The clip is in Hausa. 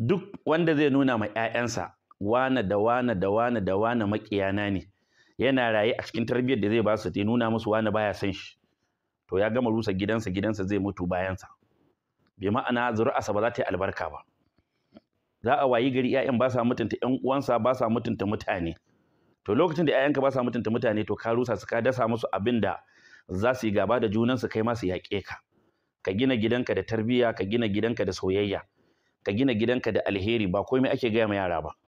duk wanda zai nuna ma 'ya'yansa wane da wane da wane da wane makiyana ne yana raye a cikin tarbiyyar da zai ba su ta nuna musu wane baya son shi to ya gama rusa gidansa gidansa zai mutu bayansa bai ma'ana zuri'arsa ba za ta yi albarka ba za a wayi gari 'ya'yan ba sa mutunta 'yan uwansa ba sa mutunta mutane to lokacin da 'ya'yanka ba sa mutunta mutane to ka rusa su ka dasa musu abin da za su yi gaba da junansu kai masu su yaƙe ka ka gina gidanka da tarbiyya ka gina gidanka da soyayya ka gina gidanka da alheri ba komai ake gaya ma yara ba